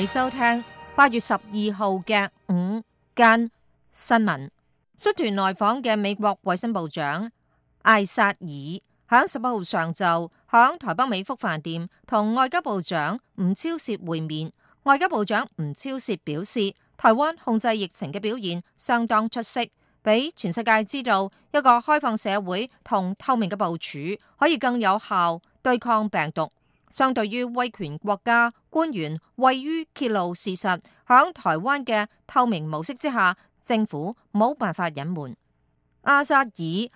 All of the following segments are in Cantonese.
你收聽八月十二號嘅午間新聞。率團來訪嘅美國衛生部長阿札爾，響十一號上晝響台北美福飯店同外交部長吳釗燮會面。外交部長吳釗燮表示，台灣控制疫情嘅表現相當出色，俾全世界知道一個開放社會同透明嘅部署可以更有效對抗病毒。相對於威權國家官員，位於揭露事實，喺台灣嘅透明模式之下，政府冇辦法隱瞞。阿札爾喺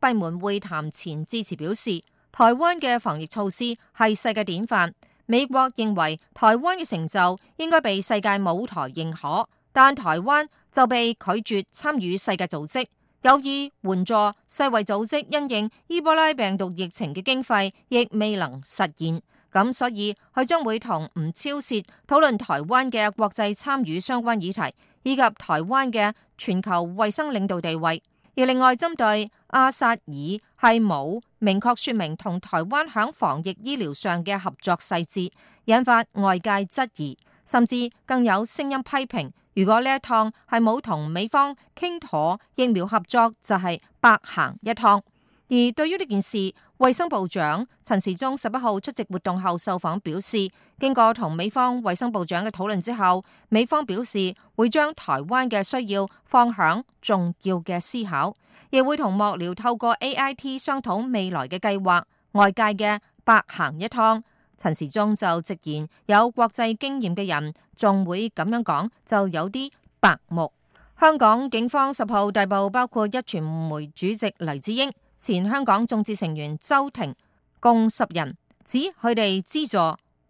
閉門會談前致辭表示，台灣嘅防疫措施係世界典範。美國認為台灣嘅成就應該被世界舞台認可，但台灣就被拒絕參與世界組織，有意援助世衛組織因應伊波拉病毒疫情嘅經費，亦未能實現。咁所以佢將會同吳釗燮討論台灣嘅國際參與相關議題，以及台灣嘅全球衛生領導地位。而另外針對阿札爾係冇明確說明同台灣響防疫醫療上嘅合作細節，引發外界質疑。甚至更有聲音批評，如果呢一趟係冇同美方傾妥疫苗合作，就係白行一趟。而對於呢件事，衛生部長陳時中十一號出席活動後，受訪表示，經過同美方衛生部長嘅討論之後，美方表示會將台灣嘅需要放響重要嘅思考，亦會同幕僚透過 A I T 商討未來嘅計劃。外界嘅白行一趟。陳時中就直言，有國際經驗嘅人仲會咁樣講，就有啲白目。香港警方十號逮捕包括壹傳媒主席黎智英、前香港眾志成員周庭共十人，指佢哋資助、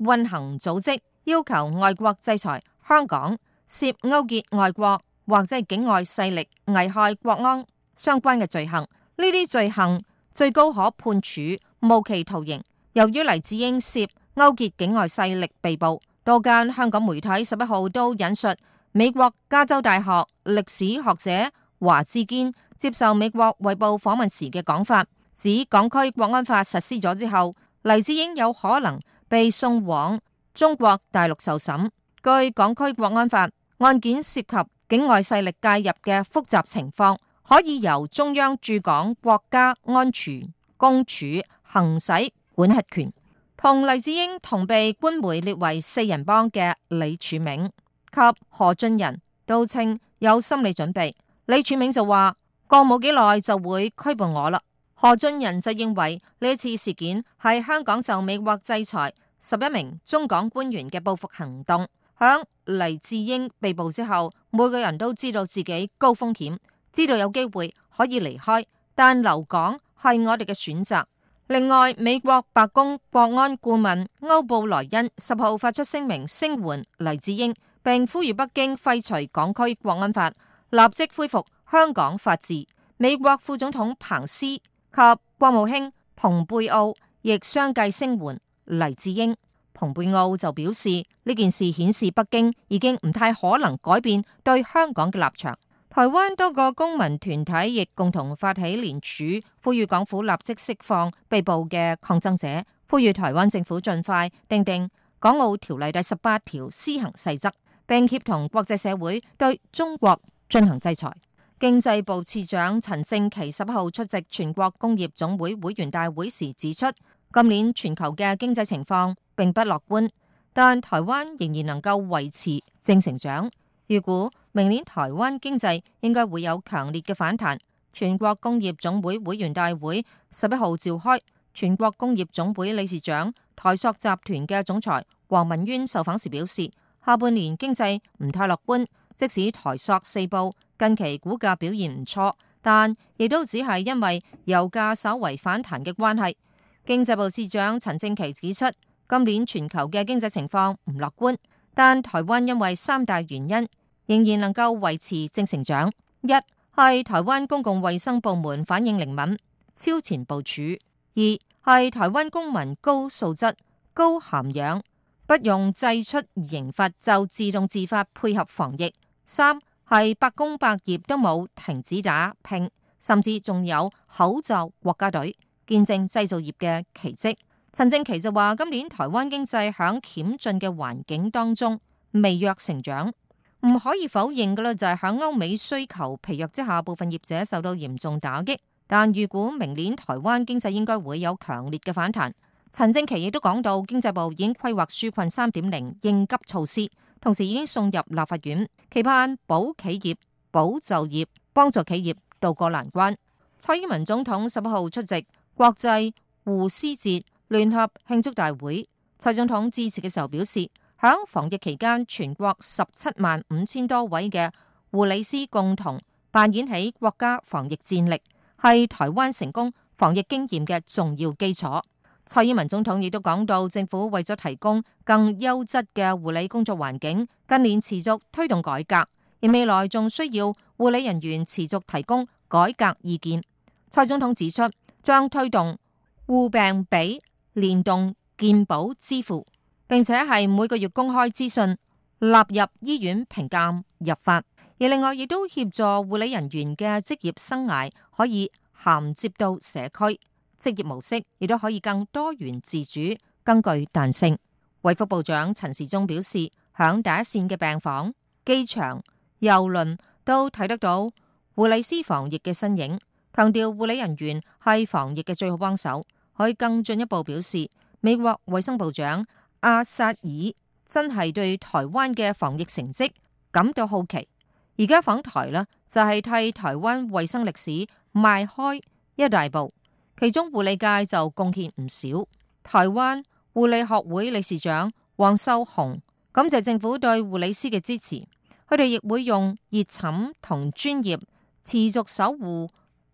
運行組織，要求外國制裁香港，涉勾結外國或者境外勢力危害國安相關嘅罪行。呢啲罪行最高可判處無期徒刑。由於黎智英涉勾結境外勢力被捕，多間香港媒體十一號都引述美國加州大學歷史學者華志堅接受美國《衛報》訪問時嘅講法，指港區國安法實施咗之後，黎智英有可能被送往中國大陸受審。據港區國安法，案件涉及境外勢力介入嘅複雜情況，可以由中央駐港國家安全公署行使管轄權。同黎智英同被官媒列為四人幫嘅李柱銘及何俊仁都稱有心理準備。李柱銘就話：過冇幾耐就會拘捕我啦。何俊仁就認為呢次事件係香港就美國制裁十一名中港官員嘅報復行動。響黎智英被捕之後，每個人都知道自己高風險，知道有機會可以離開，但留港係我哋嘅選擇。另外，美國白宮國安顧問歐布萊恩十號發出聲明聲援黎智英，並呼籲北京廢除港區國安法，立即恢復香港法治。美國副總統彭斯及國務卿蓬佩奧亦相繼聲援黎智英。蓬佩奧就表示，呢件事顯示北京已經唔太可能改變對香港嘅立場。台灣多個公民團體亦共同發起聯署，呼籲港府立即釋放被捕嘅抗爭者，呼籲台灣政府盡快訂定，定《港澳條例》第十八條施行細則，並協同國際社會對中國進行制裁。經濟部次長陳正奇十號出席全國工業總會會員大會時指出，今年全球嘅經濟情況並不樂觀，但台灣仍然能夠維持正成長。預估。明年台灣經濟應該會有強烈嘅反彈，全國工業總會會員大會十一號召開，全國工業總會理事長台塑集團嘅總裁王文淵受訪時表示，下半年經濟唔太樂觀，即使台塑四部近期股價表現唔錯，但亦都只係因為油價稍為反彈嘅關係，經濟部市長陳正奇指出，今年全球嘅經濟情況唔樂觀，但台灣因為三大原因。仍然能夠維持正成長。一係台灣公共衛生部門反應靈敏，超前部署；二係台灣公民高素質、高涵養，不用祭出刑罰就自動自發配合防疫。三係百工百業都冇停止打拼，甚至仲有口罩國家隊見證製造業嘅奇蹟。陳正奇就話：今年台灣經濟響險峻嘅環境當中微弱成長。唔可以否認嘅啦，就係響歐美需求疲弱之下，部分業者受到嚴重打擊。但預估明年台灣經濟應該會有強烈嘅反彈。陳正奇亦都講到，經濟部已經規劃紓困3.0應急措施，同時已經送入立法院，期盼保企業、保就業，幫助企業渡過難關。蔡英文總統十一號出席國際護師節聯合慶祝大會，蔡總統致辭嘅時候表示。喺防疫期間，全國十七萬五千多位嘅護理師共同扮演起國家防疫戰力，係台灣成功防疫經驗嘅重要基礎。蔡英文總統亦都講到，政府為咗提供更優質嘅護理工作環境，近年持續推動改革，而未來仲需要護理人員持續提供改革意見。蔡總統指出，將推動護病比連動健保支付。並且係每個月公開資訊，納入醫院評鑒入法。而另外亦都協助護理人員嘅職業生涯可以銜接到社區職業模式，亦都可以更多元自主，更具彈性。衛福部長陳時中表示，響第一綫嘅病房、機場、郵輪都睇得到護理師防疫嘅身影，強調護理人員係防疫嘅最好幫手。可以更進一步表示，美國衛生部長。阿札爾真係對台灣嘅防疫成績感到好奇，而家訪台啦，就係、是、替台灣衛生歷史邁開一大步，其中護理界就貢獻唔少。台灣護理學會理事長王秀紅感謝政府對護理師嘅支持，佢哋亦會用熱忱同專業持續守護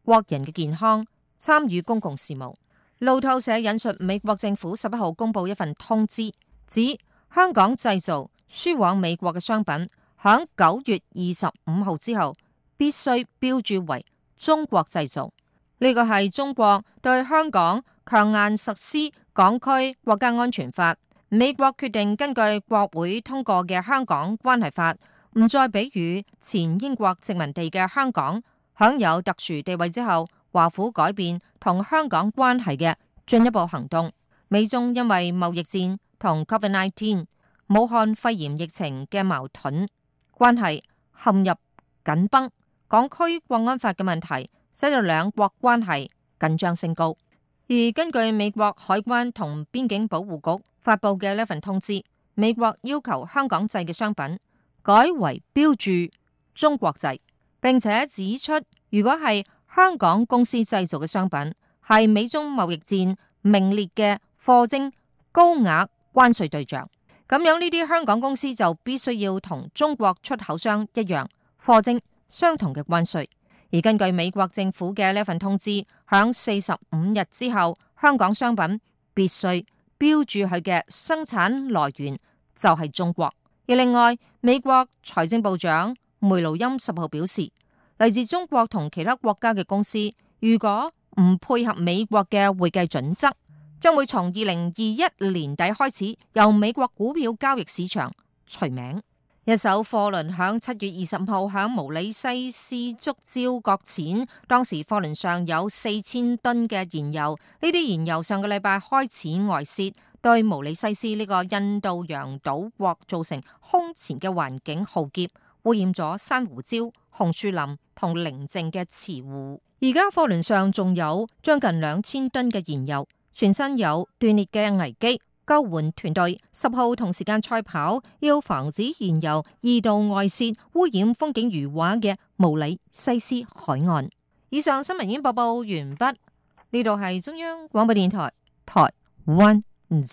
國人嘅健康，參與公共事務。路透社引述美國政府十一號公布一份通知，指香港製造輸往美國嘅商品，響九月二十五號之後必須標註為中國製造。呢個係中國對香港強硬實施港區國家安全法。美國決定根據國會通過嘅香港關係法，唔再俾予前英國殖民地嘅香港享有特殊地位之後。華府改變同香港關係嘅進一步行動，美中因為貿易戰同 COVID-19 武漢肺炎疫情嘅矛盾關係陷入緊繃，港區國安法嘅問題，使到兩國關係緊張升高。而根據美國海關同邊境保護局發布嘅呢份通知，美國要求香港製嘅商品改為標注中國製，並且指出如果係。香港公司製造嘅商品係美中貿易戰名列嘅課徵高額關稅對象，咁樣呢啲香港公司就必須要同中國出口商一樣課徵相同嘅關稅。而根據美國政府嘅呢份通知，響四十五日之後，香港商品必須標注佢嘅生產來源就係中國。而另外，美國財政部長梅努欽十號表示，嚟自中國同其他國家嘅公司，如果唔配合美國嘅會計準則，將會從二零二一年底開始由美國股票交易市場除名。一艘貨輪響七月二十五號響毛里西斯觸礁擱淺，當時貨輪上有四千噸嘅燃油，呢啲燃油上個禮拜開始外泄，對毛里西斯呢個印度洋島國造成空前嘅環境浩劫。污染咗珊瑚礁、紅樹林同寧靜嘅池湖。而家貨輪上仲有將近兩千噸嘅燃油，全身有斷裂嘅危機。救援團隊十號同時間賽跑，要防止燃油二度外泄，污染風景如畫嘅毛里西斯海岸。以上新聞已經播報完畢。呢度係中央廣播電台台灣。